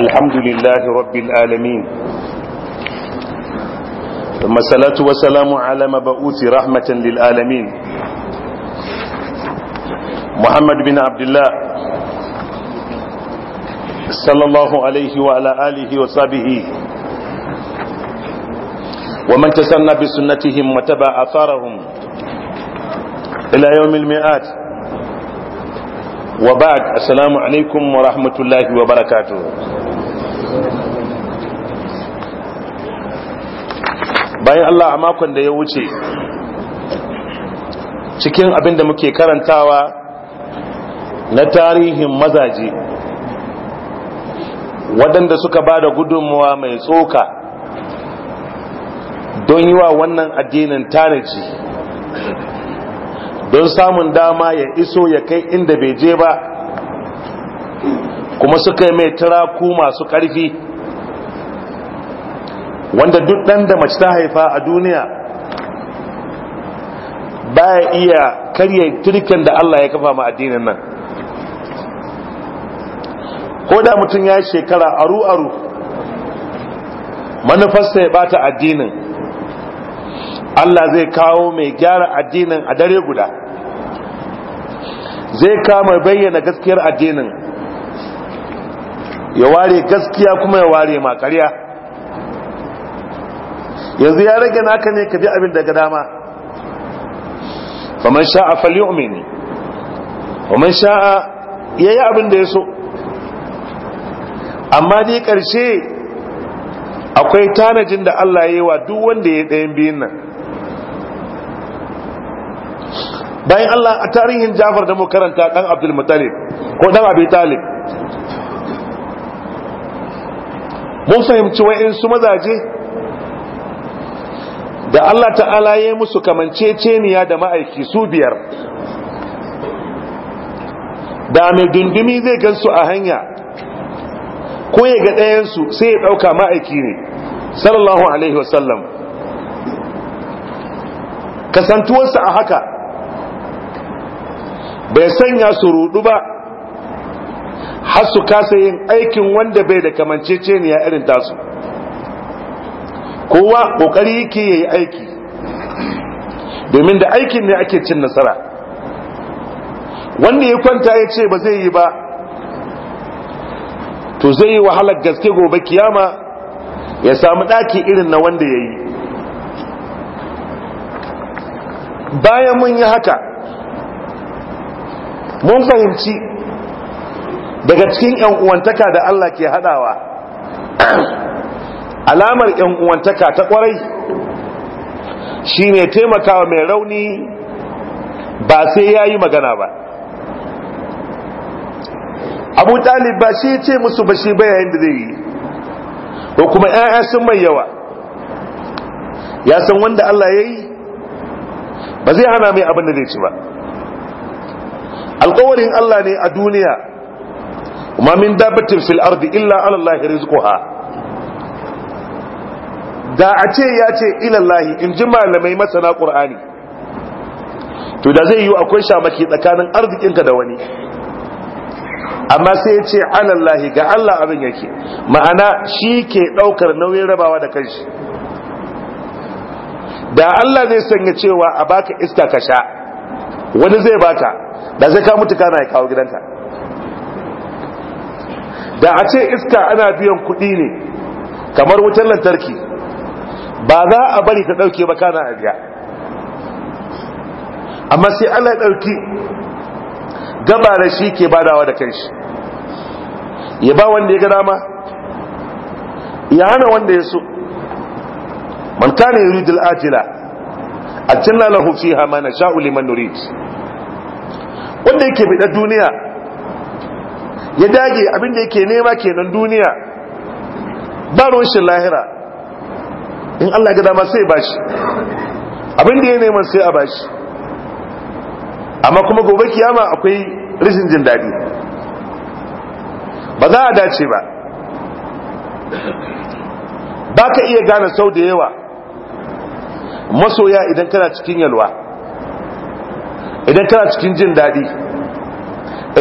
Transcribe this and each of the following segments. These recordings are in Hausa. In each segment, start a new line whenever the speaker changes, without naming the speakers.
الحمد لله رب العالمين ثم الصلاة والسلام على مبعوث رحمة للعالمين محمد بن عبد الله صلى الله عليه وعلى آله وصحبه ومن تسنى بسنتهم وتبع أثارهم إلى يوم المئات وبعد السلام عليكم ورحمة الله وبركاته bayan Allah a makon da ya wuce cikin abin da muke karantawa na tarihin mazaje waɗanda suka ba da gudunmuwa mai tsoka don yi wa wannan addinin tanaji don samun dama ya iso ya kai inda bai je ba kuma suka yi mai turaku masu ƙarfi wanda duk ɗan da mace ta haifa a duniya baya iya karya turkin da Allah ya kafa ma addinin nan ko da mutum ya shekara aru-aru manufarsa ya bata addinin Allah zai kawo mai gyara addinin a dare guda zai kama bayyana gaskiyar addinin ya ware gaskiya kuma ya ware makariya yanzu ya rage naka ne ka bi abin daga dama faman sha'a falyu'min faman sha'a yayi abin da ya so amma dai karshe akwai tanajin da Allah ya yi wa duk wanda ya ɗayan biyun nan bayan Allah a tarihin Jafar da mu karanta dan Abdul Muttalib ko dan Abi mun fahimci wa'in su mazaje da Allah ta'ala ya yi musu kamanceceniya da ma'aiki su biyar da mai dundumi zai gansu a hanya ko ya ga ɗayansu sai ya ɗauka ma'aiki ne sallallahu alaihi wasallam kasantuwarsa a haka bai sanya su rudu ba har su kasa yin aikin wanda bai da kamanceceniya irin tasu kowa kokari yake yayi aiki domin da aikin ne ake cin nasara wanda ya kwanta ya ce ba zai yi ba to zai yi wahalar gaske gobe kiyama ya samu ɗaki irin na wanda ya yi bayan mun yi haka mun fahimci daga cikin 'yan uwantaka da Allah ke haɗawa alamar yan uwantaka ta kwarai shine taimakawa mai rauni ba sai yayi magana ba abu talib ba shi ce musu ba shi bayan da zai yi ko kuma 'ya'ya sun mai yawa ya san wanda Allah ya yi ba zai hana mai abin da zai ci ba alkawarin Allah ne a duniya ma min dabatin fil ardi illa ala Allah rizquha da a ce ya ce ilallahi in ji malamai masana ƙur'ani to da zai yi akwai shamaki tsakanin arzikinka da wani amma sai ya ce alallahi ga Allah abin yake ma'ana shi ke ɗaukar nauyin rabawa da kanshi da Allah zai sanya cewa a baka iska ka sha wani zai baka da zai ka mutu kana ya kawo gidanta. da a ce iska ana biyan kuɗi ne kamar wutar lantarki ba za a bari ta ɗauke ba kana a biya amma sai allah ya ɗauki gaba da shi ke badawa da kanshi ya ba wanda ya ga dama ya hana wanda ya so man kana yuridul ajila ajanna lahu fiha ma nasha'u liman nurid wanda yake bi duniya ya dage abinda da yake nema kenan duniya ba ruwan shi lahira in Allah ga dama sai bashi abin da ya neman sai a bashi amma kuma gobe kiyama akwai rishin jin daɗi ba za a dace ba ba ka iya gane sau da yawa masoya idan kana cikin yalwa idan kana cikin jin daɗi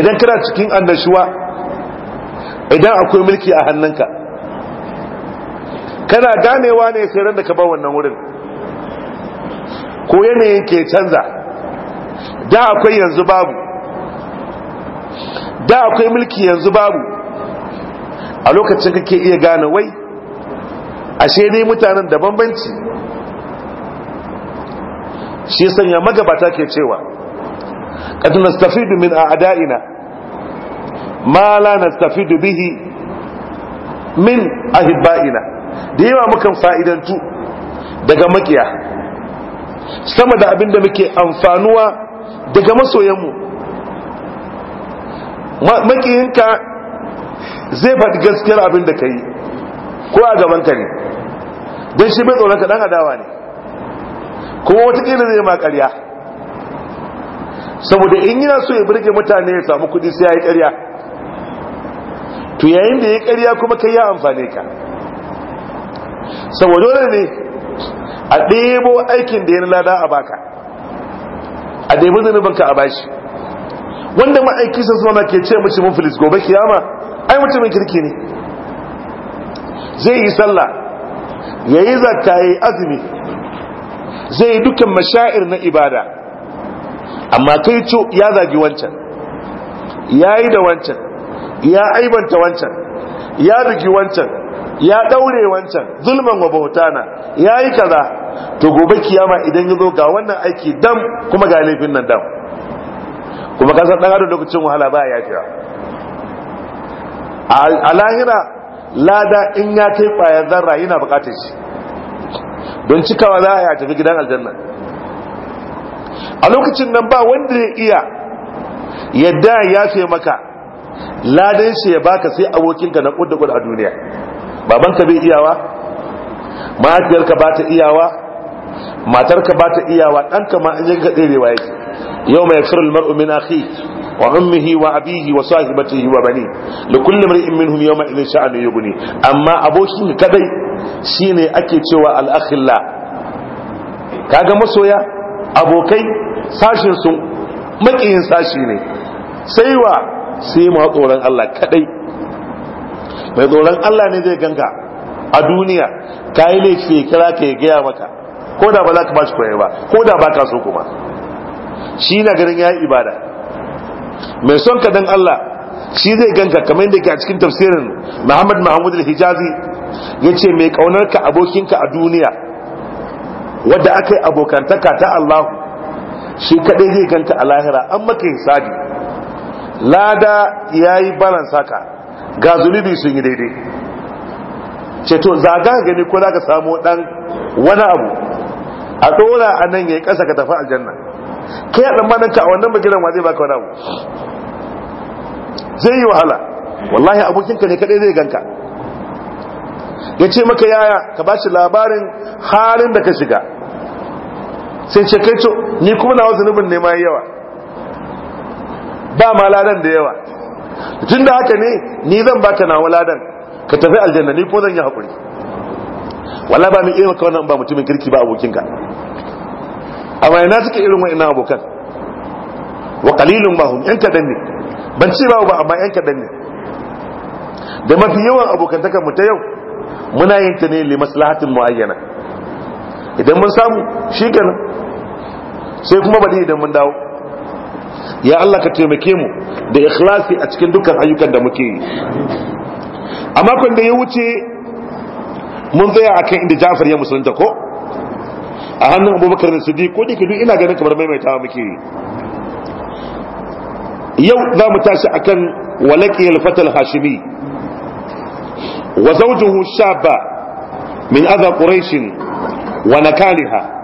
idan kana cikin annashuwa idan akwai mulki a hannunka kana ganewa ne sai ran da ka bar wannan wurin ko yanayin ke canza da akwai yanzu babu da akwai mulki yanzu babu a lokacin kake iya gane wai ashe ne mutanen da bambanci shi sanya magabata ke cewa kad nastafidu min a'da'ina ma la nastafidu bihi min ahibba'ina da yawa mukan fa'idantu daga makiya sama da abin da muke amfanuwa daga masoyanmu makiyinka zai faɗi gaskiyar abin da ka yi ko a gaban ka ne don shi bai tsoronka ɗan adawa ne kuma watakila zai ma ƙarya saboda in yana so ya burge mutane ya samu kuɗi sai ya yi ƙarya to yayin da ya yi ƙarya kuma kai ya amfane ka saboda dole ne a ɗebo aikin da ya lada a baka a ɗebo zanubanka a bashi wanda ma'aiki sun suna ke ce mace filis gobe kiyama ai mutumin kirki ne zai yi sallah ya yi zakka ya yi azumi zai yi dukkan mashair na ibada amma kai co ya zagi wancan ya yi da wancan ya aibanta wancan ya rigi wancan ya daure wancan zulman wa bautana yayi kaza to gobe kiyama idan ya zo ga wannan aiki dam kuma ga laifin nan dam kuma kasar san dan adon lokacin wahala ba ya fiya a lahira lada in ya kai kwayar zarra yana bukatar shi don cikawa za a yi tafi gidan aljanna a lokacin nan ba wanda ya iya yadda ya fi maka ladan shi ya baka sai abokinka na kudda a duniya babanka bai iyawa mahaifiyarka ba ta iyawa matarka ba ta iyawa ɗanka ma an yanka ɗerewa yake yau mai firar mar'u min akhi wa ummihi wa abihi wa sahibatihi wa bani li kulli mar'in minhum yawma idhin sha'anu yughni amma abokin kadai shine ake cewa al akhilla kaga masoya abokai sashin sun makiyin sashi ne sai wa sai ma tsoron Allah kadai mai tsoron Allah ne zai ganka a duniya ka yi laifi kira ka ya gaya maka ko da ba za ka bashi koyar ba ko da ba ka so kuma shi na ganin ya yi ibada mai son ka dan Allah shi zai ganka kamar yadda ke a cikin tafsirin Muhammad Muhammad al-Hijazi ya ce mai kaunar ka abokinka a duniya wadda aka yi abokantaka ta Allah shi kadai zai ganka a lahira an maka hisabi lada ya yi balansa ka ga zunubi sun yi daidai ce to zaga gani ko za ka samu dan wani abu a tsora a nan ya yi ƙasa ka tafi aljanna kai a tsammanin ka a wannan bagiran wa zai baka wani abu zai yi wahala wallahi abokinka ne kaɗai zai ganka ya ce maka yaya ka ba shi labarin halin da ka shiga sai ce kai to ni kuma na zunubin ne ma yawa ba ma ladan da yawa tun da haka ne ni zan baka na waladan ka tafi aljanna ni ko zan yi haƙuri wala ba mai iya wannan ba mutumin kirki ba abokinka amma ina suke irin wa'ina abokan wa kalilun ba hun yan kaɗan ne ban ce ba amma yan kaɗan ne da mafi yawan abokantakan mu ta yau muna yin ta ne li maslahatin muayyana idan mun samu shi kenan sai kuma bari idan mun dawo ya Allah ka taimake mu da ikhlasi a cikin dukkan ayyukan da muke yi a makon da ya wuce mun tsaya akan inda Ja'far ya musulunta ko a hannun Abubakar Siddiq ko dike duk ina ganin kamar maimaitawa muke yi yau za mu tashi akan walaqiyal fatal hashimi wa zawjuhu shabba min aza quraish wa na kaliha?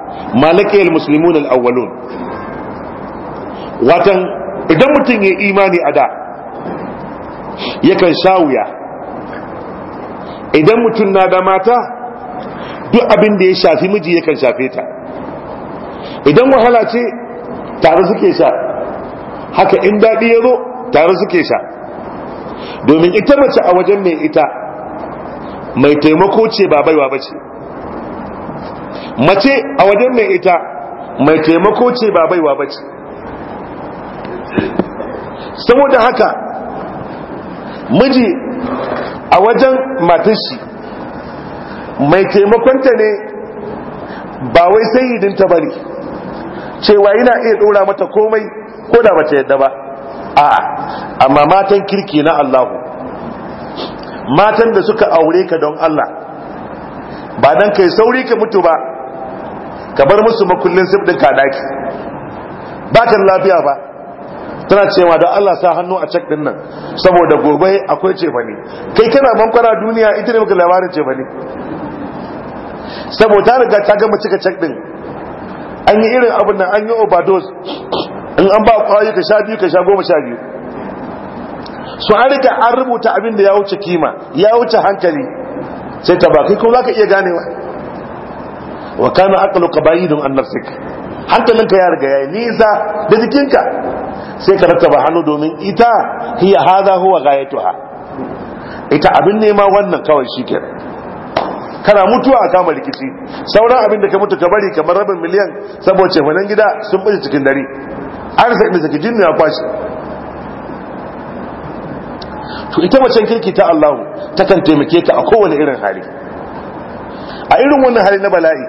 muslimun al-awwalun watan idan mutum ya imani a da yakan sha wuya idan mutum na da mata duk abin da ya shafi miji yakan shafe ta idan wahala ce tare suke sha haka in daɗi ya zo tare suke sha domin ita mace a wajen mai ita mai taimako ce ba baiwa ba ce mace a wajen mai ita mai taimako ce ba baiwa ba ce saboda haka miji a wajen matashi mai taimakonta ne ba wai sai sayidinta ba bari, cewa yana iya ɗora mata komai ko da bata yadda ba 'a amma matan kirki na Allahu matan da suka aure ka don Allah ba dan kai sauri ka mutu ba ka bar musu makullin sifdin kadaki ba kan lafiya ba tana cewa da Allah sa hannu a cek dinnan saboda gobe akwai cefane kai kana bankwara duniya ita ne maka labarin cefane saboda ta riga ta gama cika cek din an yi irin abin nan an yi overdose in an ba kwayoyi ka sha biyu ka sha goma sha biyu su an riga an rubuta abin da ya wuce kima ya wuce hankali sai ta ba kai kuma za ka iya ganewa wa kana aqlu qabaidun an nafsik hankalinka ya riga yayi nisa da jikinka sai ka rattaba hannu domin ita hiya haza huwa ghayatuha ita abin nema wannan kawai shike kana mutuwa a kama rikici sauran abin da ka mutu ka bari kamar rabin miliyan saboda cefanen gida sun bace cikin dare an sai mai saki jinni ya kwashi to ita macen kirki ta Allahu kan taimake ka a kowane irin hali a irin wannan hali na bala'i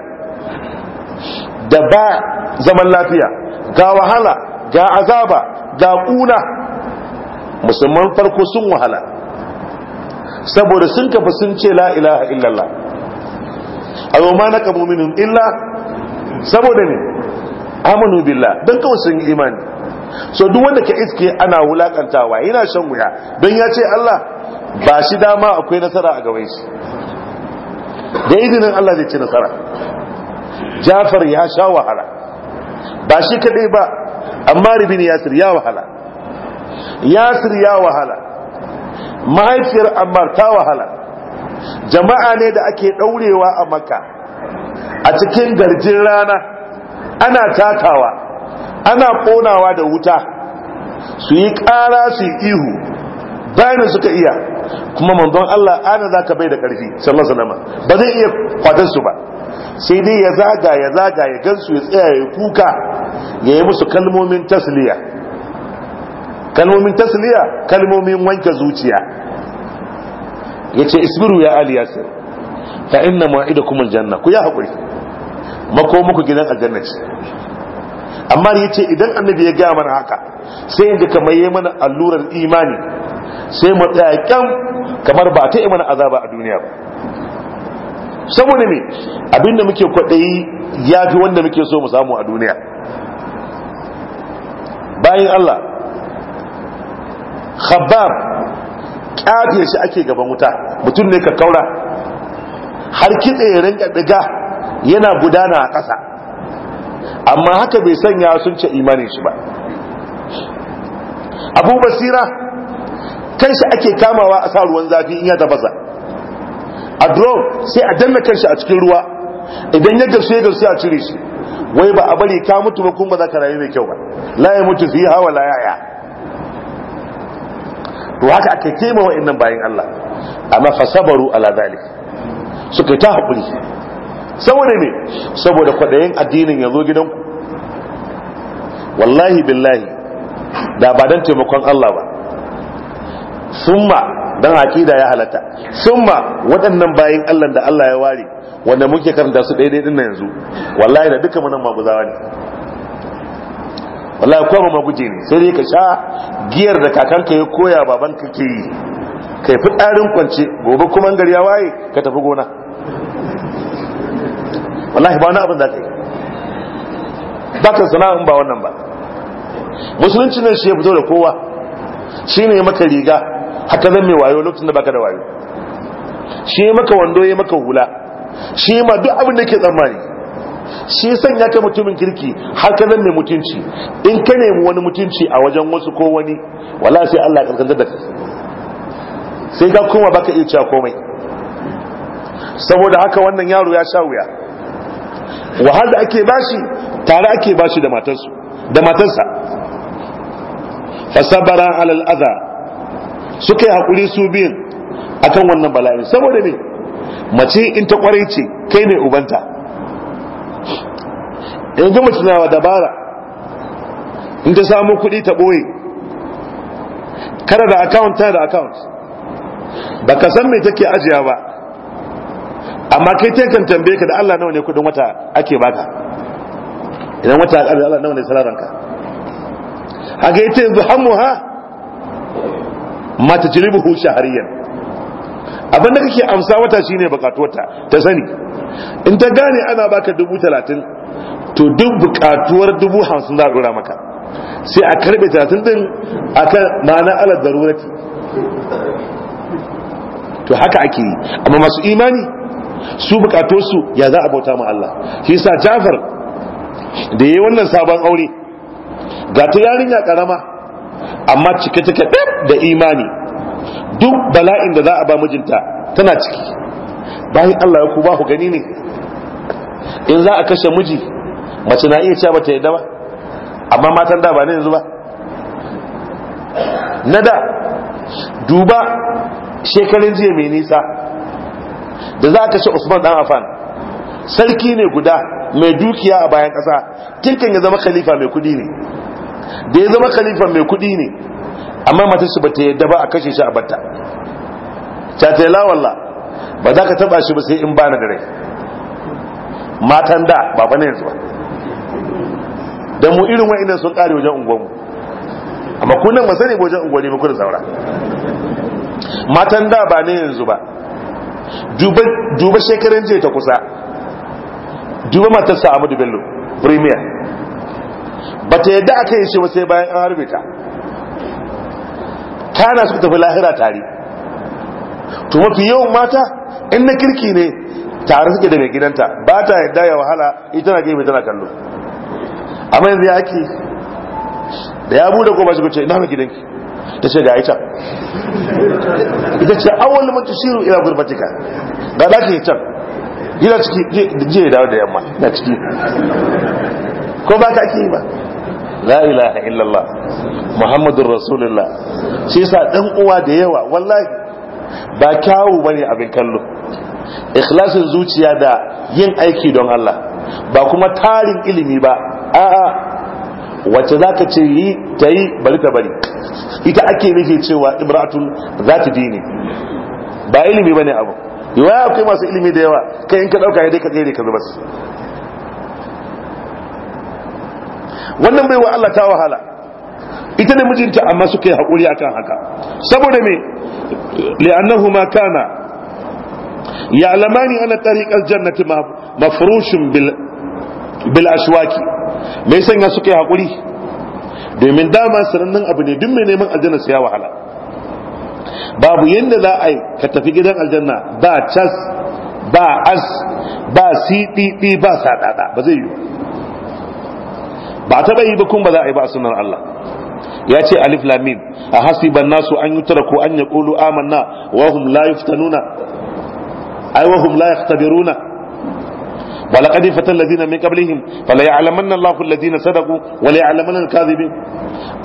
da ba zaman lafiya ga wahala ga azaba ga kuna musulman farko sun wahala saboda sun kafa sun ce la ilaha illallah a na kamo minin illa saboda ne amanu billah don kawai sun yi imani so duk wanda ka iske ana wulakantawa yana shan wuya don ya ce allah ba shi dama akwai nasara a gaban shi da izinin allah zai ce nasara jafar ya sha wahala ba shi kaɗai ba amma ribin yasir ya wahala yasir ya wahala mahaifiyar ammar ta wahala jama'a ne da ake daurewa a maka a cikin garjin rana ana takawa ana konawa da wuta su yi kara su yi ihu bayan suka iya kuma manzon Allah ana zaka bai da ƙarfi sallallahu alaihi wasallam ba zai iya kwatansu ba sai dai ya zaga ya zaga ya gansu ya tsaya ya kuka ya yi musu kalmomin tasliya kalmomin tasliya kalmomin wanke zuciya ya ce isbiru ya ali yasir fa inna kuma janna ku ya haƙuri mako muku gidan aljanna ce amma ya ce idan annabi ya gaya mana haka sai yadda kamar yi mana allurar imani sai mu tsaya kyam kamar ba ta yi mana azaba a duniya ba saboda me abinda muke kwaɗayi ya fi wanda muke so mu samu a duniya bayan Allah khabab ƙyafe shi ake gaban wuta mutum ne ka kaura har kitse ya rinka diga yana gudana a ƙasa amma haka bai sanya sun ce imanin shi ba abu basira kan shi ake kamawa a sa ruwan zafi in ya tafasa a drone sai a danna kanshi a cikin ruwa idan ya gamsu ya gamsu a cire shi wai ba a bari ka mutu ba kuma za ka rayu mai kyau ba la ya mutu fi hawa la yaya to haka aka kema innan bayan Allah amma sabaru ala zalik suka ta hakuri saboda me saboda kwadayin addinin ya zo gidanku wallahi billahi da ba dan taimakon Allah ba summa dan aqida ya halata summa waɗannan bayin Allah da Allah ya ware wanda muke karanta su daidai din yanzu wallahi da dukkan munan maguzawa ne wallahi ko ba maguje ne sai dai ka sha giyar da kakanka ya koya baban ka ke yi kai fi tsarin kwance gobe kuma gari ya waye ka tafi gona wallahi ba wani abin da ka yi ba ka sana'in ba wannan ba musulunci ne shi ya fito da kowa shi ne maka riga haka zan mai wayo lokacin da baka da wayo shi ya maka wando ya maka hula shi ma duk abin da ke tsammani shi sanya ta mutumin kirki har ka zan mai mutunci in ka nemi wani mutunci a wajen wasu ko wani wala sai Allah ya da kai sai ka koma baka iya cewa komai saboda haka wannan yaro ya sha wuya da ake bashi tare ake bashi da matarsa da matarsa fasabara alal adha suka yi hakuri su biyan akan wannan bala'in saboda ne mace in ta kwarai ce kai ne ubanta yanzu mace wa dabara in ta samu kuɗi ta ɓoye kada da account tana da account ba ka san me take ajiya ba amma kai ta kan tambaye ka da Allah nawa ne kudin wata ake baka idan wata Allah nawa ne salaranka haka ita yanzu hamu ha jiribu hu shahariyan abin da kake amsa wata shine bukatuwarta ta sani in ta gane ana baka dubu talatin to duk bukatuwar dubu hamsin za a dora maka sai a karbe talatin din akan ma'ana ala darurati to haka ake yi amma masu imani su su ya za a bauta ma Allah shi sa Jafar da yayi wannan sabon aure ga ta yarinya karama amma cike take da imani duk bala'in da za a ba mijinta tana ciki bayan Allah ya ku ku gani ne in za a kashe miji mace na iya cewa bata yadda ba amma matan da ba ne yanzu ba na da duba shekarun jiya mai nisa da za a kashe usman dan afan sarki ne guda mai dukiya a bayan ƙasa tinkan ya zama khalifa mai kudi ne da ya zama khalifan mai kudi ne amma matar shi bata yadda ba a kashe shi a batta ta ta la walla ba za ka taba shi ba sai in bana da rai matan da ba ne yanzu ba da mu irin wa'annan sun kare wajen mu. amma kunan ba sani wajen ne muku da saura matan da ba ne yanzu ba duba shekaran je ta kusa duba matarsa amadu bello premier ba ta yadda aka yi shi ba sai bayan an harbe ta na suka tafi lahira tare to mafi yawan mata in na kirki ne tare suke da mai gidanta ba ta yadda ya wahala ita na gefe tana kallo amma yanzu ya ake da ya bude ko ba shi kwace ina mai gidanki ta ce ga aisha ita ce wani man shiru ila gurbatika ga da ke can yana ciki je dawo da yamma na ciki ko ba ta ake yi ba la ilaha illallah muhammadur rasulullah shi yasa dan uwa da yawa wallahi ba kyawu bane abin kallo ikhlasin zuciya da yin aiki don Allah ba kuma tarin ilimi ba a'a wacce za zaka ce yi ta bari ta bari ita ake nufi cewa ibratun zati dini ba ilimi bane abu yawa akwai masu ilimi da yawa kai in ka ɗauka ya dai ka tsere ka bas. wannan bai wa Allah ta wahala ita ne mijinta amma suka yi haƙuri akan haka saboda me li'annahu ma kana alamani ana tariqal jannati mafrushun bil bil ashwaki me sanya suka yi haƙuri domin dama sanannen abu ne duk mai neman aljanna sai ya wahala babu yadda za a yi ka tafi gidan aljanna ba cas ba as ba siɗiɗi ba saɗaɗa ba zai yi ba a taɓa yi ba kun ba za a yi ba a sunan Allah ya ce alif lamim a hasiban nasu an yi tura ko an ya ƙulu amanna wahum la yuftanuna ai wahum la ولقد فتن الذين من قبلهم فليعلمن الله الذين صدقوا وليعلمن الكاذبين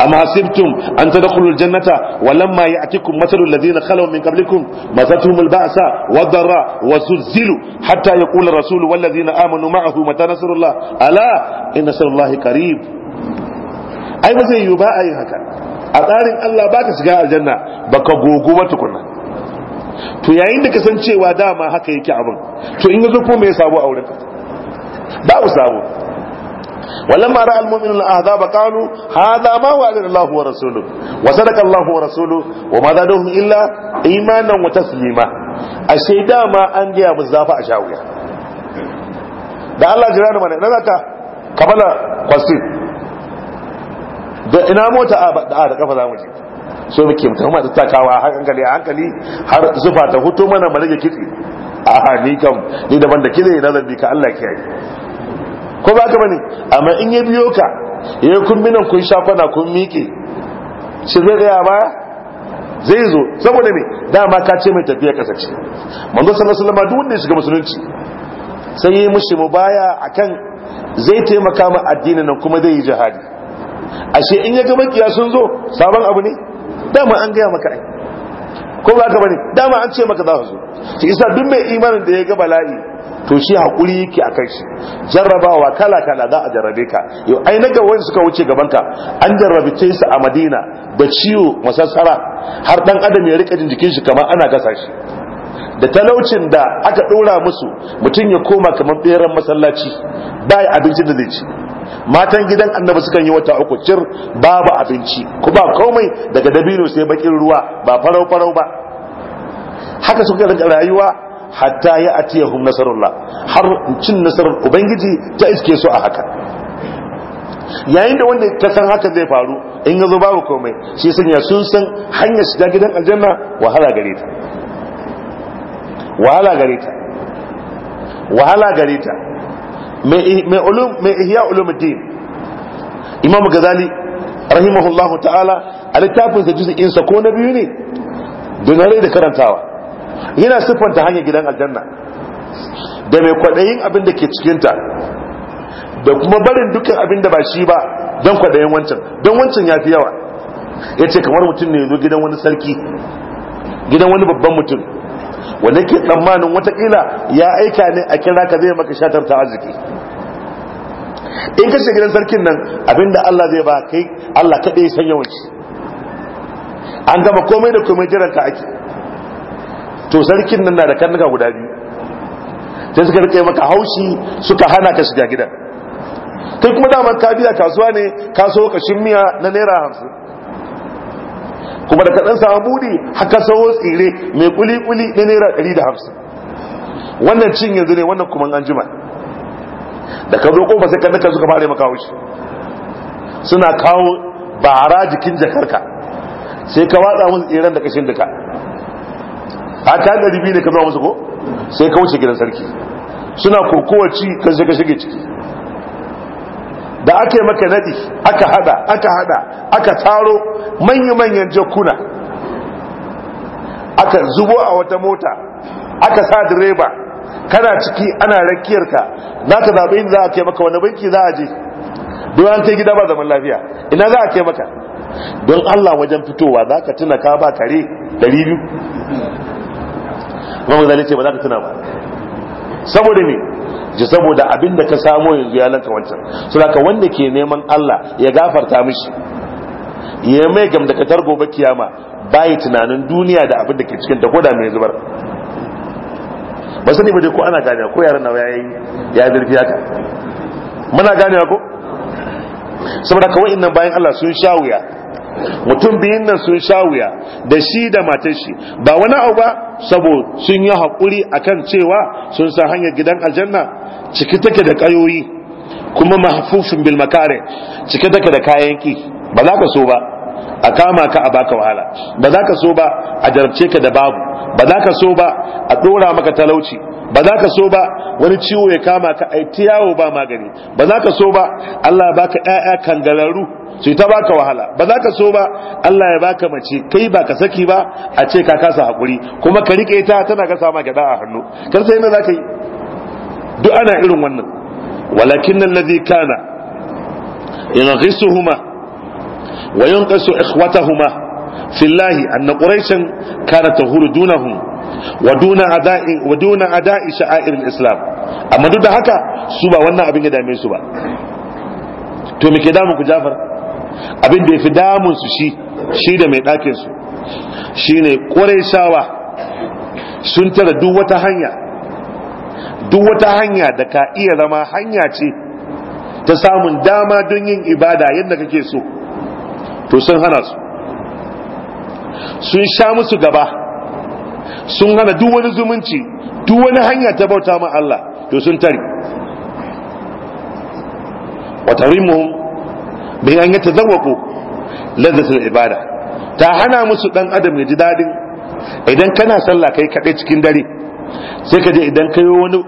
أم حسبتم أن تدخلوا الجنة ولما يأتكم مثل الذين خلوا من قبلكم مستهم البأس والضراء وزلزلوا حتى يقول الرسول والذين آمنوا معه متى نصر الله ألا إن نصر الله قريب أي ما زي يباء أي هكذا a tsarin Allah ba ka shiga aljanna ba ka gogo ba tukunna to yayin da kasancewa dama haka yake abin to in ya zo ko me ya samu a wurin babu sabo ولما راى المؤمنون الاحزاب قالوا هذا ما وعدنا الله ورسوله وصدق الله ورسوله وما زادهم الا ايمانا وتسليما الشيدا ما ان جاء مزافا اشاويا da Allah jira da mana nan ka kamala kwasi da ina mota a da kafa zamu je so muke mutum ma tattakawa har hankali a hankali har zufa ta hutu mana mu rage kitse a ni kam ni daban da na ka Allah kiyaye ko ba ka bane amma in ya biyo ka ya kun minan kun sha kwana kun miƙe shi zai gaya ba zai zo saboda me dama ka ce mai tafiya ka sace manzo sallallahu alaihi wasallam duk wanda ya shiga musulunci sai yi mushi mubaya akan zai taimaka ma addinin nan kuma zai yi jihadi ashe in ya ga makiya sun zo sabon abu ne dama an gaya maka ai ko ba ka bane dama an ce maka za su zo shi isa duk mai imanin da ya ga bala'i to shi hakuri yake a kai shi jarrabawa kala kala za a jarrabe ka yau ai na ga wani suka wuce gaban ka an jarrabe ta su a madina da ciwo masassara har dan adam ya rika jin jikin shi kamar ana gasa shi da talaucin da aka dora musu mutum ya koma kamar beran masallaci ba abincin da zai ci matan gidan annabi sukan yi wata uku cir babu abinci kuma komai daga dabino sai bakin ruwa ba farau farau ba haka suka rika rayuwa hatta ya atiyahum nasarullah har cin nasarar ubangiji ta iske su a haka yayin da wanda ta san haka zai faru in ya zo babu komai shi sanya sun san hanyar shiga gidan aljanna wahala gare ta wahala gare ta wahala gare ta mai ulum mai ihya ulumuddin imam gazali rahimahullahu ta'ala a littafin sa juz'in sa ko na biyu ne dunare da karantawa yana siffanta hanyar gidan aljanna da mai kwaɗayin abin da ke cikinta da kuma barin dukkan abin da ba shi ba don kwaɗayin wancan don wancan ya fi yawa ya ce kamar mutum ne zo gidan wani sarki gidan wani babban mutum wanda ke tsammanin watakila ya aika ne a kira ka zai maka shatar ta arziki in ka gidan sarkin nan abinda Allah zai ba kai Allah kaɗai san yawanci an gama komai da komai jiran ka ake to sarkin nan na da karnuka guda biyu sai suka rike maka haushi suka hana ka shiga gidan kai kuma daman ka biya kasuwa ne ka so kashin miya na naira hamsin kuma da kaɗan samu budi haka sawo tsire mai kuli-kuli na naira ɗari da hamsin wannan cin yanzu ne wannan kuma an jima da ka zo kofa sai karnuka suka fara maka haushi suna kawo bara jikin jakarka sai ka watsa musu tseren da kashin duka a ta ɗari biyu ne ka zuwa musu ko sai ka wuce gidan sarki suna kokowa ci kan sai ka shige ciki da aka maka naɗi aka hada aka hada aka taro manya-manyan jakuna aka zubo a wata mota aka sa direba kana ciki ana rakiyarka za ka zaɓe inda za a kai maka wani banki za a je don an kai gida ba zaman lafiya ina za a kai maka don Allah wajen fitowa za ka tuna ka ba kare 200 kuma manzali ce ba za ka tuna ba saboda ne ji saboda abin da ka samo yanzu ya lanka wancan su ka wanda ke neman Allah ya gafarta mishi ya mai gamdakatar gobe kiyama bayi tunanin duniya da abin da ke cikin ta koda mai zubar ba sani ba dai ko ana gane ko yaran nawa yayi ya zurfi haka muna gane ko saboda kawai innan bayan Allah sun sha wuya mutum biyun nan sun sha wuya da shi da matar shi ba wani abu ba saboda sun yi haƙuri akan cewa sun san hanyar gidan aljanna ciki take da ƙayoyi kuma mahfufin bil makare cike take da kayan ki ba za ka so ba a kama ka a baka wahala ba za ka so ba a jarabce ka da babu ba za ka so ba a dora maka talauci ba za ka so ba wani ciwo ya kama ka ai yawo ba magani ba za ka so ba Allah ya baka ƴaƴa kangararru su ta baka wahala ba za ka so ba Allah ya baka mace kai ba ka saki ba a ce ka kasa hakuri kuma ka rike ta tana ga sama gada a hannu kar sai me za ka yi duk ana irin wannan walakin allazi kana yanghisuhuma wa yanqasu ikhwatahuma fillahi anna quraishan kana tahuru dunahum wa duna ada'i wa duna ada'i islam amma duk da haka su ba wannan abin ya dame su ba to me ke damu ku Jafar abin da fi damun su shi shi da mai ɗakinsu su shine quraishawa sun tara duk wata hanya duk wata hanya da ka iya zama hanya ce ta samun dama don yin ibada yadda kake so to sun hana su sun sha musu gaba sun hana duk wani zumunci duk wani hanya ta bauta ma Allah to sun tare wa tarimuhum bi an yatazawwaqu ladhatul ibada ta hana musu dan adam ya ji dadin idan kana sallah kai kadai cikin dare sai ka je idan kai wani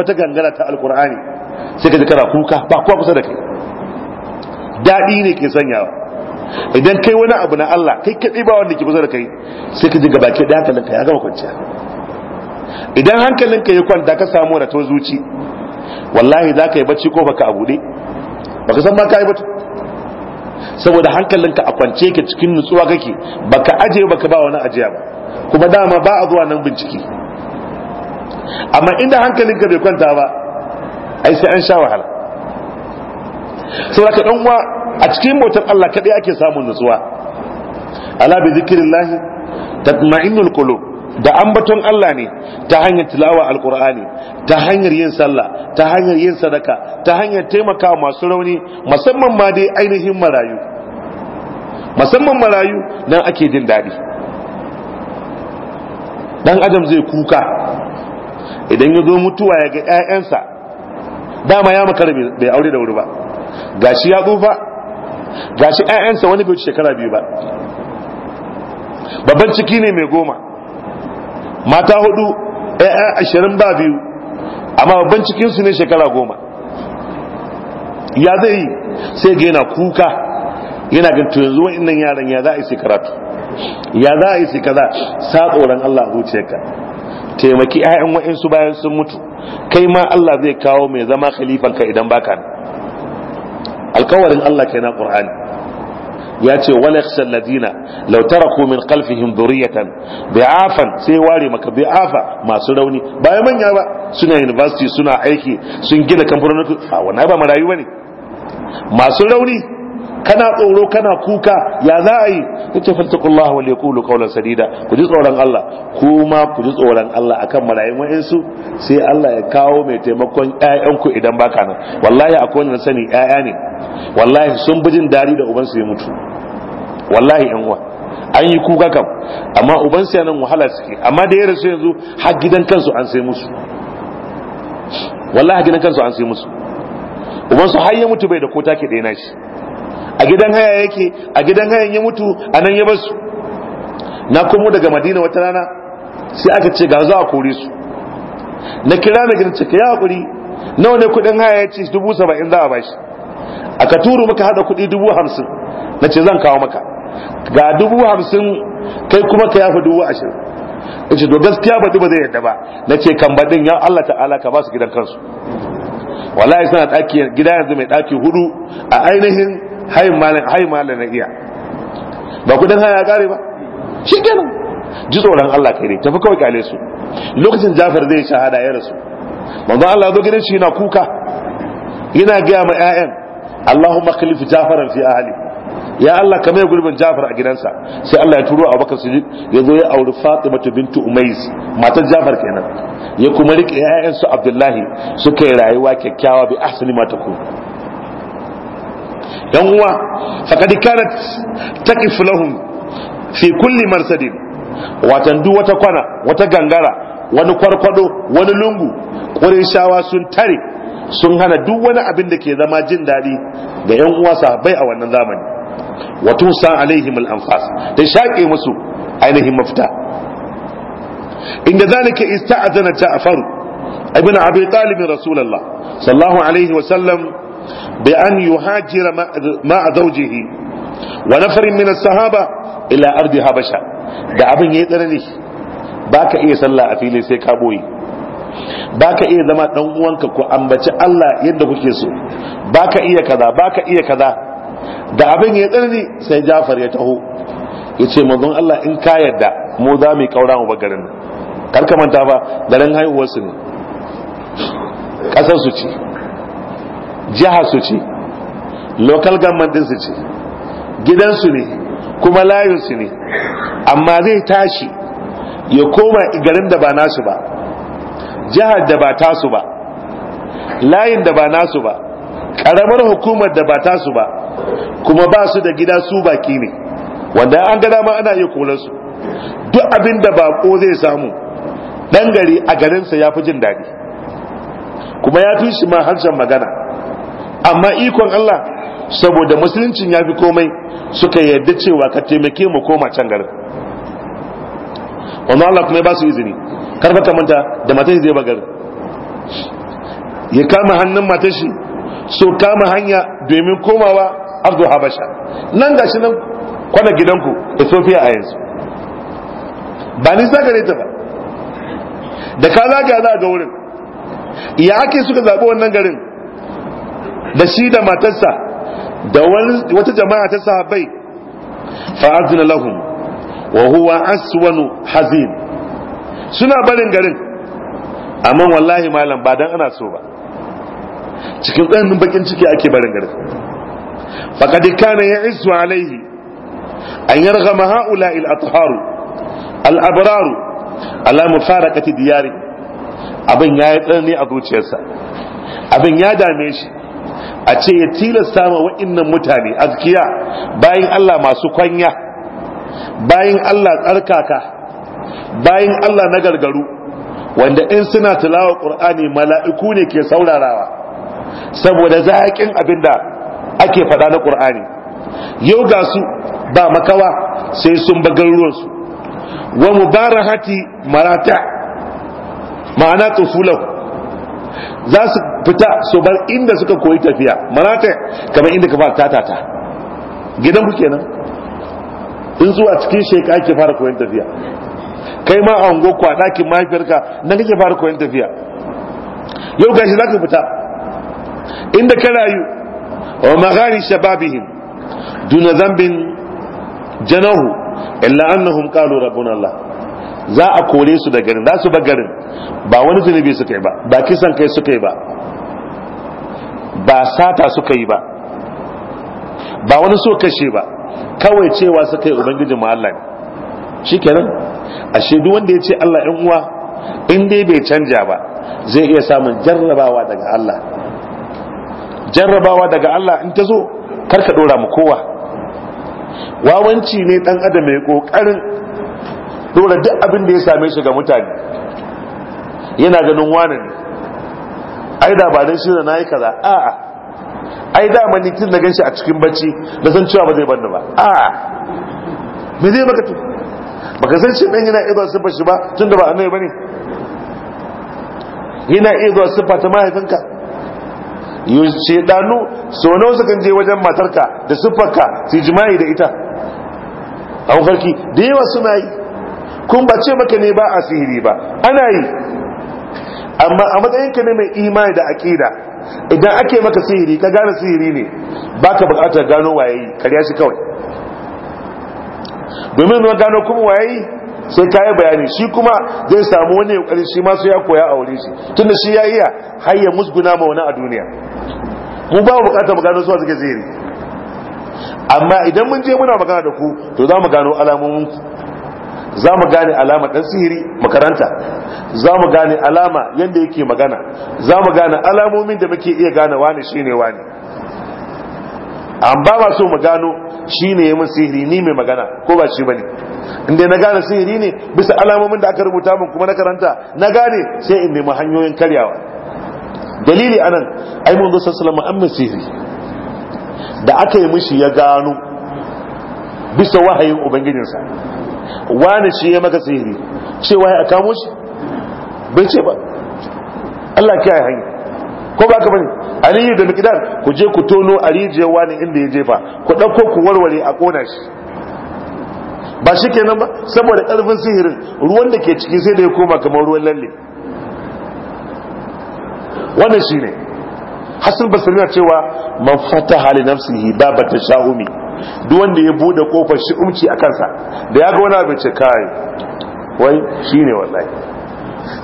wata gangara ta alqur'ani sai ka ji kana kuka ba kowa kusa da kai dadi ne ke sanyawa idan kai wani abu na Allah kai kaɗi ba wanda ke kusa da kai sai ka ji baki da hankalinka ya gama kwanciya idan hankalinka ya kwanta ka samu wani to zuci wallahi za ka yi bacci ko baka a buɗe baka san ba ka yi bacci saboda hankalinka a kwance ka cikin nutsuwa kake baka aje baka ba wani ajiya ba kuma dama ba a zuwa nan bincike amma inda hankalinka bai kwanta ba ai sai an sha wahala saboda ka dan uwa a cikin bautar Allah kaɗai ake samun nutsuwa ala bi zikrillah tatma'innul qulub da ambaton Allah ne ta hanyar tilawa alqur'ani ta hanyar yin sallah ta hanyar yin sadaka ta hanyar taimakawa masu rauni musamman ma dai ainihin marayu musamman marayu nan ake jin daɗi dan adam zai kuka idan ya zo mutuwa ya ga 'ya'yansa dama ya makara bai aure da wuri ba gashi ya tsufa gashi ƴaƴansa wani bai shekara biyu ba babban ciki ne mai goma mata hudu ƴaƴa ashirin ba biyu amma babban cikinsu ne shekara goma ya zai yi sai ga yana kuka yana ga to yanzu wa'annan yaran ya za a yi sai karatu ya za a yi sai kaza sa tsoron Allah ka. taimaki ƴaƴan wa'insu bayan sun mutu kai ma Allah zai kawo mai zama khalifanka idan baka ne alkawarin Allah kenan Qur'ani ya ce wala yakhshal ladina law taraku min khalfihim dhurriyatan bi'afan sai ware maka bi'afa masu rauni ba manya ba suna university suna aiki sun gina kamfanoni a wannan ba marayu bane masu rauni kana tsoro kana kuka ya za a yi yace fattakullah wa yaqulu qawlan sadida ku ji tsoron Allah kuma ku ji tsoron Allah akan marayun wa'insu sai Allah ya kawo mai taimakon ƴaƴan ku idan baka nan wallahi akwai wanda sani ƴaƴa ne wallahi sun bi jin dari da ubansu ya mutu wallahi ƴan uwa an yi kuka kam amma ubansu yana wahala suke amma da ya rasu yanzu har gidan kansu an sai musu wallahi gidan kansu an sai musu ubansu har ya mutu bai da ko take ɗaya na shi a gidan haya yake a gidan hayan ya mutu a nan ya basu na komo daga madina wata rana sai aka ce ga za a kore su na kira mai gidan cika ya hakuri nawa ne kudin haya ya ce dubu saba'in za a bashi a ka turu muka hada kudi dubu hamsin na ce zan kawo maka ga dubu hamsin kai kuma ka yafa dubu ashirin ya ce to gaskiya ba ba zai yadda ba na ce kan baɗin ya Allah ta'ala ka ba su gidan kansu wallahi suna ɗaki gida yanzu mai ɗaki hudu a ainihin hai malin na iya ba kudin haya kare ba shi kenan ji tsoron Allah kai ne tafi kawai kale su lokacin Jafar zai shahada ya rasu manzo Allah zo gidan shi yana kuka yana ga ma ƴaƴan Allahumma khalif Jafaran fi ahli ya Allah kame gurbin Jafar a gidansa sai Allah ya turo Abubakar su ya zo ya auri Fatima bintu Umais matar Jafar kenan ya kuma rike 'ya'yansu Abdullahi suka yi rayuwa kyakkyawa bi ahsani ma takun yan uwa faqad kanat taqif lahum fi kulli marsadin watan duk wata kwana wata gangara wani kwarkwado wani lungu shawa sun tare sun hana duk wani abin da ke zama jin daɗi ga yan uwa sahabbai a wannan zamani wato sa alaihim al-anfas da shaƙe musu ainihin mafita inda zalika ista'azana ja'far ibn abi talib rasulullah sallallahu alaihi wa sallam بأن يهاجر مع زوجه ونفر من الصحابة ila أرض habasha. da abin ya yi tsanani iya sallah a fili sai ka boye iya zama ɗan uwanka ku ambaci Allah yadda kuke so Baka iya kaza baka iya kaza da abin ya yi tsanani sai Jafar ya taho ya ce mazan Allah in ka yadda mu za mu kaura mu bagarin nan kar ka manta ba garin haihuwarsu ne ƙasar su ce jiha su ce local government su ce gidansu ne kuma layinsu ne amma zai tashi ya koma garin da ba nasu ba jihar da ba tasu ba layin da ba nasu ba karamar hukumar da ba tasu ba kuma ba su da gida su baki ne wanda an gada ma ana yi kolansu duk abin da ko zai samu dan gari a garinsa ya fi jin daɗi kuma ya fi shi ma harshen magana amma ikon Allah saboda musuluncin ya fi komai suka yarda cewa ka taimake mu koma can garin wannan Allah kuma ya ba su izini karfa ka manta da matan zai bagar ya kama hannun matan shi so kama hanya domin komawa abdu habasha nan gashi nan kwana gidanku ethiopia a yanzu ba sa gare ta ba da ka zaga za ga wurin ya ake suka zaɓi wannan garin da shi da matarsa da wata jama'a ta sahabbai fa'azina lahum wa huwa aswanu hazin suna barin garin amma wallahi malam ba dan ana so ba cikin tsananin bakin ciki ake barin garin kad kana ya'izu alaihi an yarghama haula al athhar al abrar ala mufaraqati diyari abin yayi tsani a zuciyarsa abin ya dame shi a ce ya tilasta ma wa'innan mutane azkiya bayan Allah masu kwanya bayan Allah tsarkaka bayan Allah na gargaru wanda in suna tilawa qur'ani mala'iku ne ke saurarawa saboda zaƙin da ake faɗa na qur'ani yau ga su ba makawa sai sun ba garuruwansu wa mubarahati marata ma'ana tufulahu za su fita su bar inda suka koyi tafiya marata kamar inda ka fara tatata gidan ku kenan in zuwa cikin sheka ke fara koyon tafiya kai ma a ungo kwa ɗakin mahaifiyarka na kake fara koyon tafiya yau gashi za ka fita inda ka rayu wa magani shababihim duna zambin janahu illa annahum qalu rabbuna Allah za a kore su da garin za su ba garin ba wani zunubi suka yi ba ba kisan kai suka yi ba ba sata suka yi ba ba wani so kashe ba kawai cewa suka yi ubangijin mu Allah ne ashe wanda ya ce Allah ɗan uwa in dai bai canja ba zai iya samun jarrabawa daga Allah jarrabawa daga Allah in ta zo karka dora mu kowa wawanci ne dan adam mai kokarin dora duk abin da ya same shi ga mutane yana ganin wani ne ai da ba dan shi da nayi kaza a ai da ma nitin da ganshi a cikin bacci da san cewa ba zai banni ba a me zai maka to baka san shi dan yana zuwa sifa shi ba tunda ba annabi bane yana zuwa sifa ta mahaifinka yushe danu so nawa sukan je wajen matarka da siffarka su jima'i da ita a wukarki da yawa suna yi kun ba ce maka ne ba a sihiri ba ana yi amma a matsayinka ne mai imani da aqida idan ake maka sihiri ka gane sihiri ne baka bukatar gano waye karya shi kawai domin ma gano kuma waye sai ka yi bayani shi kuma zai samu wani yankari shi masu ya koya a wurin shi tun shi ya iya har ya musguna ma wani a duniya mu ba mu bukatar mu gano suwa suke sihiri amma idan mun je muna magana da ku to za mu gano alamomin za mu gane alama dan sihiri makaranta za mu gane alama yadda yake magana za mu gane alamomin da muke iya gane wani shine wani. an ba so mu gano shine yayin sihiri ni mai magana ko ba shi ba ne? inda na gane sihiri ne bisa alamomin da aka rubuta min kuma na karanta na gane sai in nemi hanyoyin karyawa dalili anan ai mun zo sallama amma sihiri da aka yi mishi ya gano bisa wahayin ubangijinsa wani shi ya maka sihiri cewa ya kamo shi bai ce ba Allah kiyaye hanya ko ba ka bane aliyu da mikdar ku je ku tono a rijiyar wani inda ya jefa ku ɗauko ku warware a ƙona shi ba shi kenan ba saboda ƙarfin sihirin ruwan da ke ciki sai da ya koma kamar ruwan lalle wannan shi ne hasan basirina cewa man fata hali nafsihi ta sha'umi duk wanda ya bude kofar shi umci a kansa da ya ga wani abin ce kai wai shine wallahi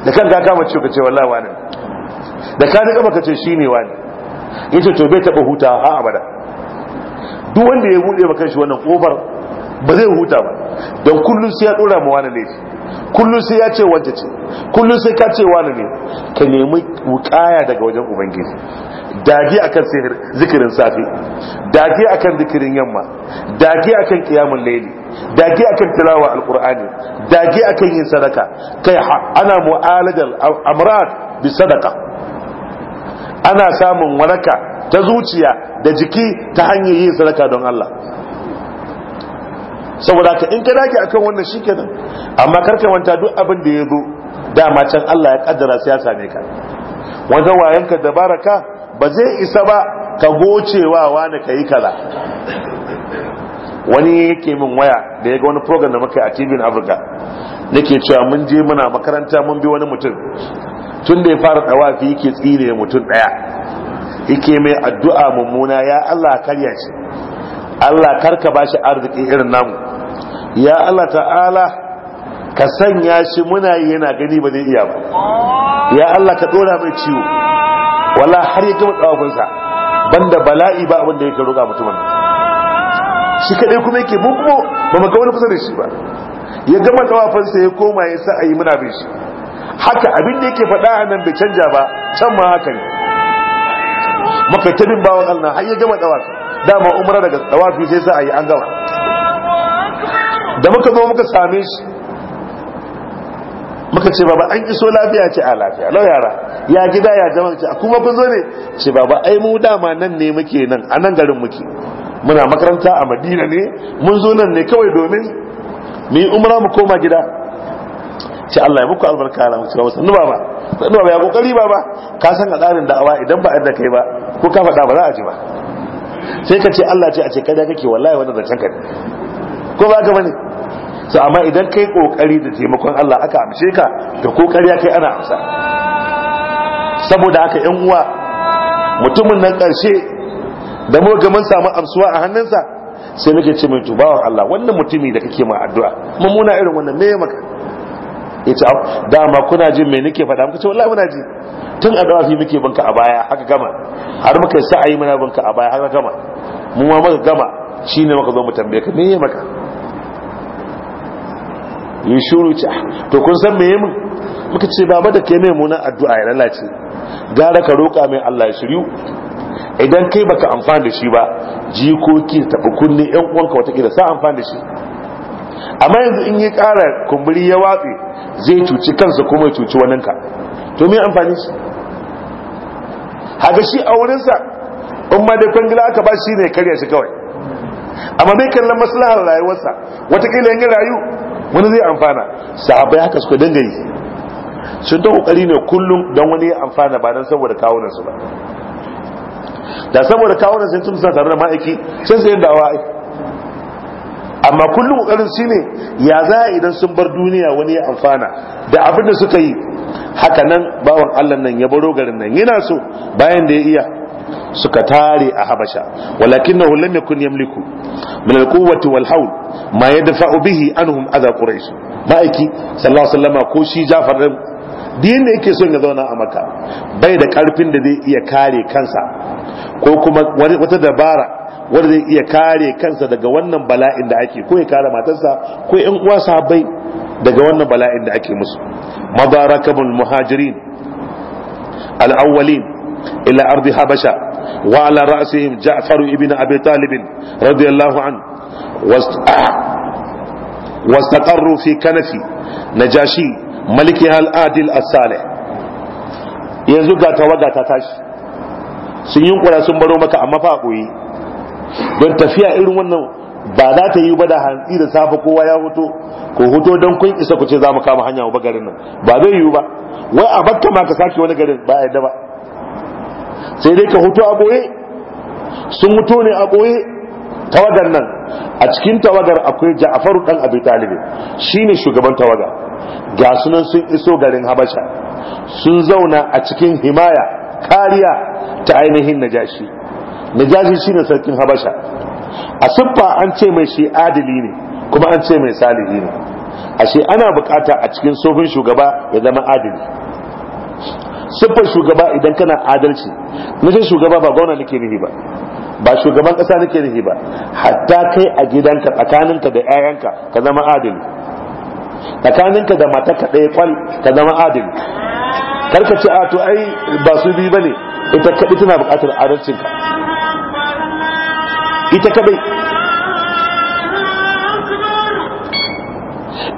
da kanka kama ce ka ce wallahi wani da ka ni kama ka ce shine wani yace to bai taba huta ha abada duk wanda ya bude maka shi wannan kofar ba zai huta ba don kullun sai ya dora ma wani laifi kullun sai ya ce wanda ce kullun sai ka ce wani ne ka nemi wukaya daga wajen ubangiji dage akan sihir zikirin safi dage akan zikirin yamma dage akan qiyamul layli dage akan tilawa alqur'ani dage akan yin sadaka kai ana mu'alajal amrad bi sadaka ana samun waraka ta zuciya da jiki ta hanyar yin sadaka don Allah saboda ka in ka dage akan wannan shikenan amma karka wanta duk abin da ya zo dama can Allah ya kaddara siyasa ne ka wanda wayanka da baraka ba zai isa ba ka gocewa wani ka yi kaza wani yake min waya da ya ga wani program da muka a tv africa ke cewa mun je muna makaranta mun bi wani mutum tun da ya fara dawafi yake tsire mutum daya yake mai addu'a mummuna ya Allah karya shi Allah karka bashi arziki irin namu ya Allah ta'ala ka sanya shi muna yana gani ba zai iya ba ya Allah ka dora mai ciwo wala har ya gama tsawafinsa banda bala'i ba abin da yake roƙa mutumin shi kaɗai kuma yake mu kuma ba mu ga wani kusa da shi ba ya gama tsawafinsa ya koma ya sa a yi muna bin shi haka abin da yake faɗa a nan bai canja ba can ma haka ne maka bin bawan allah har ya gama tsawafin dama umar daga tsawafi sai sa a yi an gama da muka zo muka same shi muka ce ba an iso lafiya ce a lafiya lau yara ya gida ya jama'a ce kuma kun zo ne ce baba ai mu dama nan ne muke nan a nan garin muke muna makaranta a madina ne mun zo nan ne kawai domin mu yi umra mu koma gida ce Allah ya muku albarka na mutu ba sannu baba sannu baba ya kokari baba ka san a tsarin da'awa idan ba da kai ba ko ka faɗa ba za a ji ba sai ka ce Allah ce a ce kada kake wallahi wannan zancen ka ko ba ka bane Sai amma idan kai kokari da taimakon Allah aka amshe ka da kokari kai ana amsa saboda haka yan uwa mutumin nan karshe da mu ga mun samu amsuwa a hannunsa sai muke ce mai tubawa Allah wannan mutumi da kake ma addu'a mun muna irin wannan me maka yace dama kuna jin me nake faɗa muka ce wallahi muna ji tun a dawafi muke binka a baya haka gama har muka ayi muna binka a baya haka gama mu ma muka gama shine muka zo mu tambaye ka me maka yi shuru ce ah, to kun san me mun muka ce ba da ke mai muna addu'a ya lalace gara ka roƙa mai Allah ya shiryu idan kai baka amfana da shi ba jikoki tafi kunne yan uwanka wata kila sa amfana da shi amma yanzu in yi ƙara kumburi ya watsi zai cuci kansa kuma ya cuci ka? to me amfani shi haka shi a wurinsa in ma dai kwangila aka ba shi ne karya shi kawai amma bai kallon maslahar rayuwarsa watakila yin rayu wani zai amfana sahabai haka suka dangare sun ta kokari ne kullum don wani ya amfana ba don saboda kawunan su ba da saboda kawunan sun tun tare da ma'aiki sun sayar da awa amma kullum kokarin shi ne ya za idan sun bar duniya wani ya amfana da abin da suka yi haka nan bawan allah nan ya baro garin nan yana so bayan da ya iya suka tare a habasha Walakin na ne kun yakun yamliku min alkuwati wal hawl ma yadfa'u bihi anhum adha quraish ma'aiki sallallahu alaihi ko shi Jafar duk yadda yake son ya zauna a maka bai da karfin da zai iya kare kansa ko kuma wata dabara wanda zai iya kare kansa daga wannan bala'in da ake ko ya kare matarsa ko yan uwa sabai daga wannan bala'in da ake musu madarakabul muhajirin al-awwalin ila ardi habasha wa ala ra'sihim ja'far ibn abi talib radiyallahu an wastaqarru fi kanafi najashi maliki al'adil asale yanzu ga tawaga ta tashi sun yi kura sun baro maka amma fa koyi don tafiya irin wannan ba za ta yi ba da hantsi da safe kowa ya hoto ko hoto don kun isa ku ce za mu kama hanya ba garin nan ba zai yiwu ba wai a bakka ma ka sake wani garin ba a yadda ba sai dai ka hoto a boye sun hoto ne a boye tawagar nan a cikin tawagar akwai ja'faru dan abi talibi shine shugaban tawaga ga sunan sun iso garin habasha sun zauna a cikin himaya kariya ta ainihin najashi najashi shine sarkin habasha a siffa an ce mai shi adili ne kuma an ce mai salihi ne ashe ana bukata a cikin sofin shugaba ya zama adili siffar shugaba idan kana adalci nufin shugaba ba gwamna nake nihi ba ba shugaban kasa nake nihi ba hatta kai a gidanka tsakaninka da 'ya'yanka ka zama adali tsakaninka da ka ɗaya kwal ka zama adin karka ce a to ai ba su biyu bane ita kaɗi tana buƙatar adancinka, ita kaɗai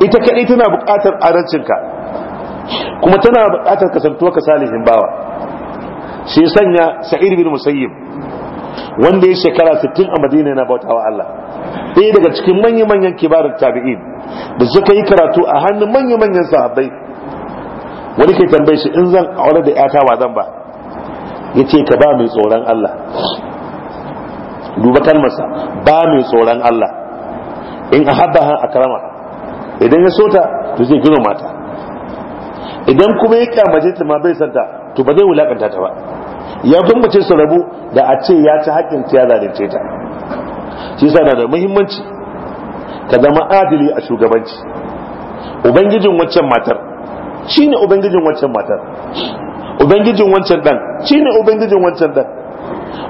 ita kaɗai tana buƙatar ka kuma tana buƙatar kasantuwa ka salihin bawa shi sanya sa'ir bin musayyib wanda ya shekara 60 a madina yana bautawa Allah ɗaya daga cikin manya manyan kibarar tabi'in da suka yi karatu a hannun manya manyan sahabbai wani kai tambaye shi in zan aure da yata ba zan ba ya ce ka ba mai tsoron Allah duba kalmarsa ba mai tsoron Allah in a haɗa a karama idan ya sota to zai gino mata idan kuma ya kyamace ta ma bai santa to ba zai wulakanta ta ba ya gwammace su rabu da a ce ya ci haƙƙin ta ya zalunce ta shi yasa na da muhimmanci ka zama adili a shugabanci ubangijin waccan matar shine ubangijin waccan matar ubangijin wancan dan shine ubangijin wancan dan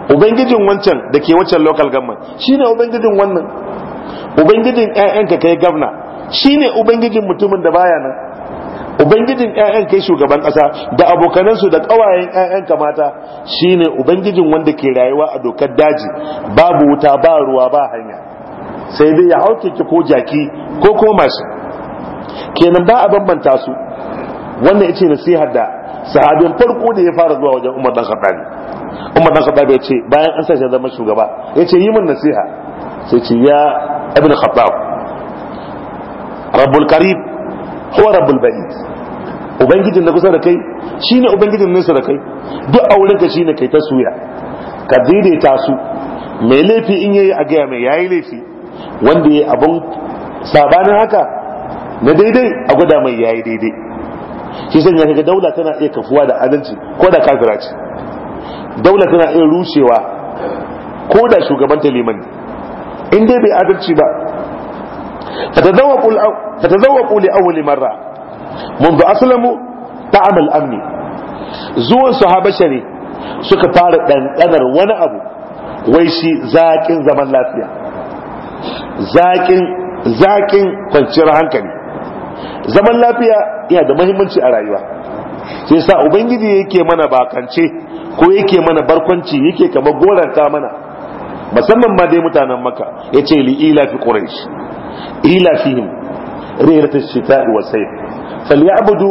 ubangijin wancan da ke wancan local government shine ubangijin wannan ubangijin ƴaƴanka kai governor shine ubangijin mutumin da baya nan ubangijin 'ya'yan kai shugaban ƙasa da abokanansu da ƙawayen ƴaƴanka mata shine ubangijin wanda ke rayuwa a dokar daji babu wuta ba ruwa ba hanya sai dai ya hauke ki ko jaki ko koma shi kenan ba a bambanta su wannan yace nasihar da sahabin farko da ya fara zuwa wajen Umar dan khattabi Umar dan khattabi ya ce bayan an sace zama shugaba yace yi min nasiha sai ce ya Ibn Khattab Rabbul Karim huwa rabbul bari ubangijin da kusa da kai shine ubangijin nesa da kai duk auren ka shine kai ta suya ka daidaita su mai laifi in yayi a gaya mai yayi laifi wanda yayi abun sabanin haka na daidai a gwada mai yayi daidai shi san ya kaga daula tana iya kafuwa da adalci ko da kafira ce daula tana iya rushewa ko da shugabanta liman in dai bai adalci ba فتذوقوا فتذوقوا لأول مرة منذ أسلموا طعم الأمن زون صحابة شري suka fara ɗanɗanar wani abu wai shi zaƙin zaman lafiya zaƙin zaƙin kwanciyar hankali zaman lafiya yana da mahimmanci a rayuwa sai sa ubangiji yake mana bakance ko yake mana barkwanci yake kamar goranta mana musamman ma dai mutanen maka ya ce li'ila fi quraish ilafihim rilata shita'i wa sayf falyabudu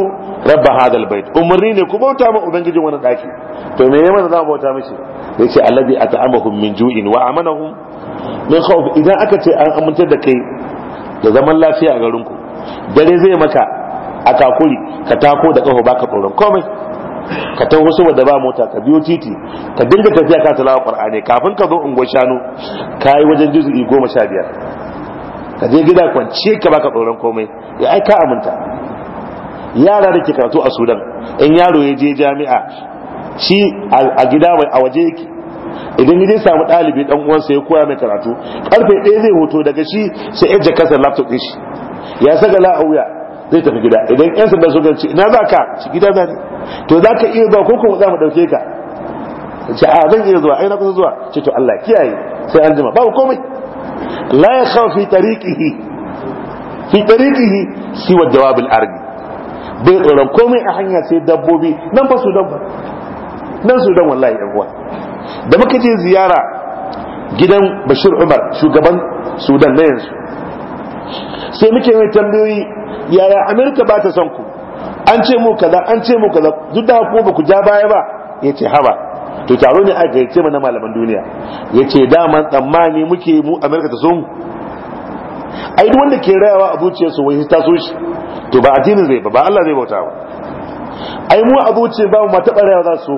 rabb hadha albayt umarni ne ku bauta ma ubangijin wannan daki to me yayin za bauta mishi yace alladhi at'amahum min ju'in wa amanahum min khawf idan aka ce an amintar da kai da zaman lafiya a garin ku dare zai maka a takuri ka tako da kafa baka tsoron komai ka taho saboda ba mota ka biyo titi ka dinga tafiya ka talawa qur'ani kafin ka zo unguwar shanu kai wajen juzu'i goma sha biyar ka je gida kwance ka baka tsoron komai ya ai ka aminta yara da ke karatu a sudan in yaro ya je jami'a shi a gida mai a waje yake idan ya je samu ɗalibi ɗan uwansa ya koya mai karatu karfe ɗaya zai hoto daga shi sai ya jakasar laptop ɗin shi ya saka la'auya zai tafi gida idan yan sanda su ganci ina za ka shi gida za ne to za ka iya zuwa ko kuma za mu ɗauke ka ce a zan iya zuwa ai na kusa zuwa ce to Allah kiyaye sai an jima babu komai la yakhau fi tariqihi fi tariqihi siwa jawab al-ardi bai tsoron komai a hanya sai dabbobi nan fa sudan nan sudan wallahi yan uwa da muka je ziyara gidan Bashir Umar shugaban Sudan na yanzu sai muke mai tambayoyi yaya Amerika ba ta son ku an ce mu kaza an duk da ko ba ku ja baya ba yace haba to taro ne a gaice mana malaman duniya Ya ce dama tsammani muke mu America ta sun A duk wanda ke rayawa a zuciyarsa wai ta so shi to ba addinin zai ba ba Allah zai bauta ba ai mu a zuciya ba mu ma taɓa rayawa za su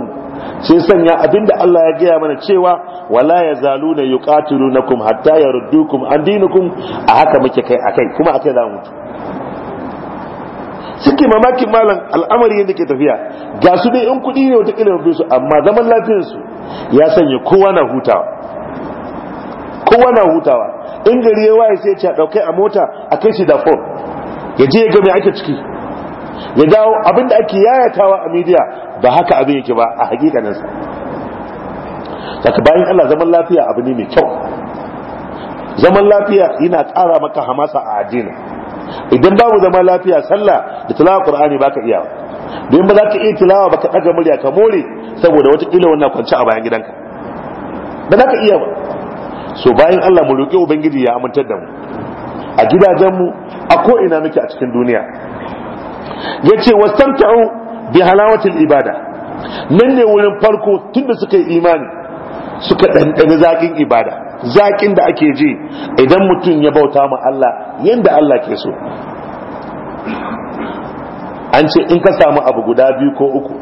sai sanya abinda Allah ya gaya mana cewa wala ya zalu na na kuma hatta yaruddukum an kuma, a haka muke kai a kai kuma kai za mu mutu suke mamakin malam al'amari yadda ke tafiya ga su dai in kuɗi ne wata mafi su amma zaman lafiyarsu ya sanya kowa na hutawa kowa na hutawa in gari ya waye sai ce a ɗaukai a mota a kai shi da fon ya je ya ga mai ake ciki ya dawo abinda ake yayatawa a midiya ba haka abin yake ba a hakikaninsa saka bayan allah zaman lafiya abu ne mai kyau zaman lafiya yana ƙara maka hamasa a addini idan babu zama lafiya sallah da tilawa qur'ani baka iya domin ba za ka iya tilawa baka daga murya ka more saboda watakila wannan kwanci a bayan gidanka ba za ka iya ba so bayan Allah mu roƙi ubangiji ya amintar da mu a gidajen mu a ko ina muke a cikin duniya yace wastamta'u bi halawatil ibada nan ne wurin farko tunda suka yi imani suka ɗanɗani zaƙin ibada zaƙin da ake ji idan mutum ya bauta ma Allah yadda Allah ke so an ce in ka samu abu guda biyu ko uku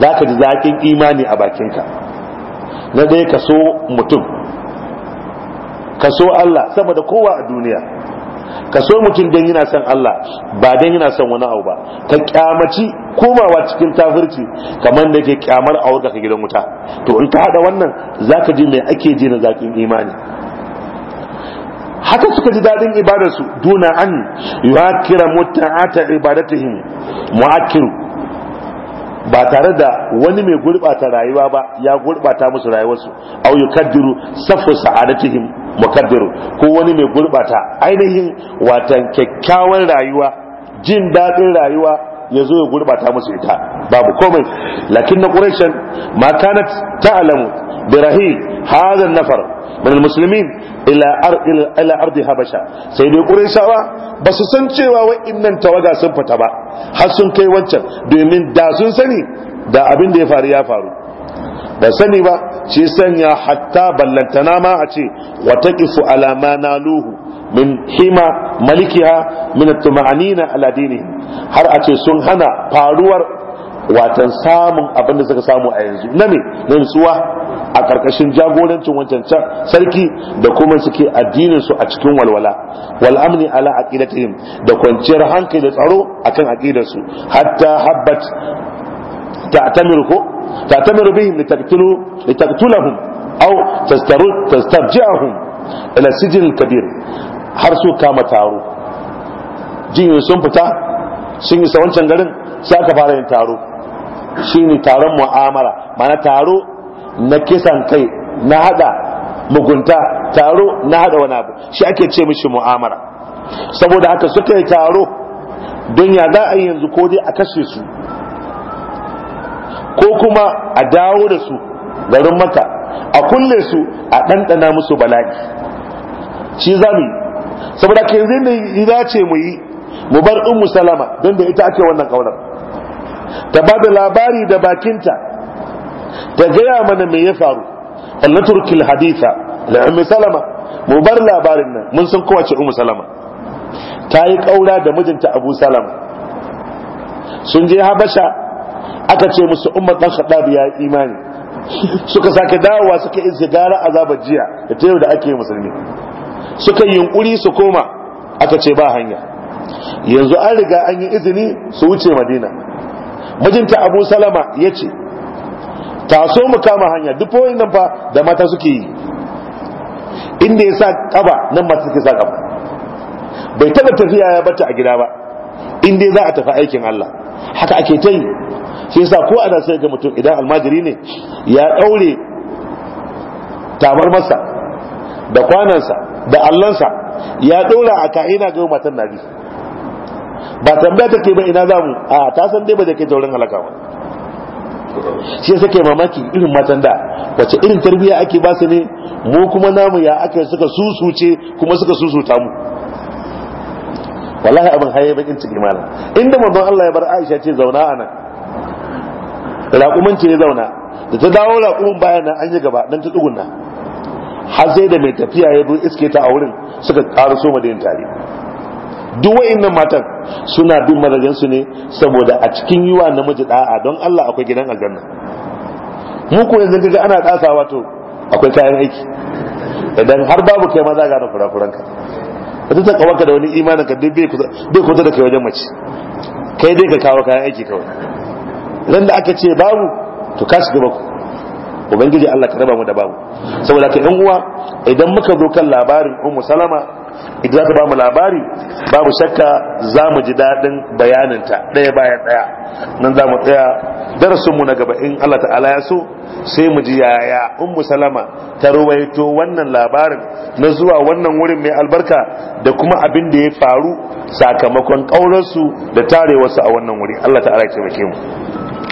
za ka ji zaƙin imani a bakinka na ɗaya ka so mutum ka so Allah sama da kowa a duniya ka so mutum don yana son Allah ba don yana son wani abu ba ka kyamaci komawa cikin tafirci kamar da ke kyamar a ka gidan wuta to in ka hada wannan ka ji mai ake ji na zakin imani haka suka ji daɗin ibadarsu duna an yuwakira mutu'ata ibadatihim mu'akkiru ba tare da wani mai gurbata rayuwa ba ya gurbata musu rayuwarsu au yukaddiru safu sa'adatihim mukaddiru ko wani mai gurbata ainihin watan kyakkyawan rayuwa jin daɗin rayuwa ya zo ya gurbata musu ita babu komai lakin na ƙurashin ma kanat ta'lamu birahi hadha nafar min almuslimin ila ardi habasha sai dai qurayshawa ba su san cewa innan tawaga sun fita ba har sun kai wancan domin da sun sani da abin da ya faru ya faru Da sani ba shi sanya hatta ballantana ma a ce wa taqifu ala ma naluhu min hima malikiha min at-tuma'anina ala dinihim har a ce sun hana faruwar watan samun abin da suka samu a yanzu na ne na a karkashin jagorancin can sarki da kuma suke addinin su a cikin walwala wal amni ala aqidatihim da kwanciyar hankali da tsaro akan aqidar su hatta habbat ta ko ta'tamiru bihim litaktulu au aw tastaru tastarji'ahum ila sijil kabir har su kama taro jin sun fita sun isa wancan garin sai aka fara yin taro shine taron mu'amala, mana taro na kisan kai na hada mugunta taro na hada wani abu shi ake ce mishi mu'amala. saboda haka suka yi taro don ya za a yi yanzu ko dai a kashe su ko kuma a dawo da su garin maka a kulle su a ɗanɗana musu bala'i shi zami saboda ke zai ne ya ce mu yi mu bar in salama don da ita ake wannan ƙaunar ta ba da labari da bakinta ta gaya mana mai ya faru annaturkil haditha da ummu salama mu bar labarin nan mun san kowace ummu salama ta yi kaura da mijinta abu salama sun je habasha aka ce musu ummu dan khattab ya imani suka sake dawowa suka izgara azabar jiya da ta yau da ake musulmi suka yunkuri su koma aka ce ba hanya yanzu an riga an yi izini su wuce madina mijinta abu salama ya ce taso mu kama hanya duk wayin nan fa da mata suke yi inda ya sa kaba nan mata suke sa kaba bai taɓa tafiya ya bata a gida ba inda za a tafi aikin Allah haka ake ta yi sai ko ana sai ga mutum idan almajiri ne ya daure tamar masa da kwanansa da allansa ya daura a ka'ina ga matan nabi ba tambaya take ba ina zamu a ta san dai ba da ke taurin halaka ba shi yasa ke mamaki irin matan da wace irin tarbiyya ake ba su ne mu kuma namu ya aka suka susuce kuma suka susuta mu wallahi abin haye bakin ciki malam inda manzon Allah ya bar Aisha ce zauna anan raƙumin ce ya zauna da ta dawo raƙumin bayan nan an yi gaba dan ta tsugunna har sai da mai tafiya ya zo iske ta a wurin suka ƙara da madayin tare duk wa'annan matan suna bin mazajen su ne saboda a cikin yiwa namiji da'a don Allah akwai gidan aljanna mu ko yanzu kaga ana kasawa to akwai kayan aiki idan har babu kai ma za ka fura furanka wata ta kawaka da wani imanin ka duk bai kusa da kai wajen mace kai dai ka kawo kayan aiki kawai idan da aka ce babu to ka shiga baku ubangiji Allah ka raba mu da babu saboda ka yan uwa idan muka zo kan labarin ummu salama idan za ka ba mu labari babu shakka za mu ji daɗin bayaninta ɗaya bayan ɗaya nan za mu tsaya darasinmu na gaba in Allah ta'ala ya so sai mu ji yaya ummu salama ta ruwaito wannan labarin na zuwa wannan wurin mai albarka da kuma abin da ya faru sakamakon ƙaurarsu da tarewarsu a wannan wuri Allah ta'ala ya taimake mu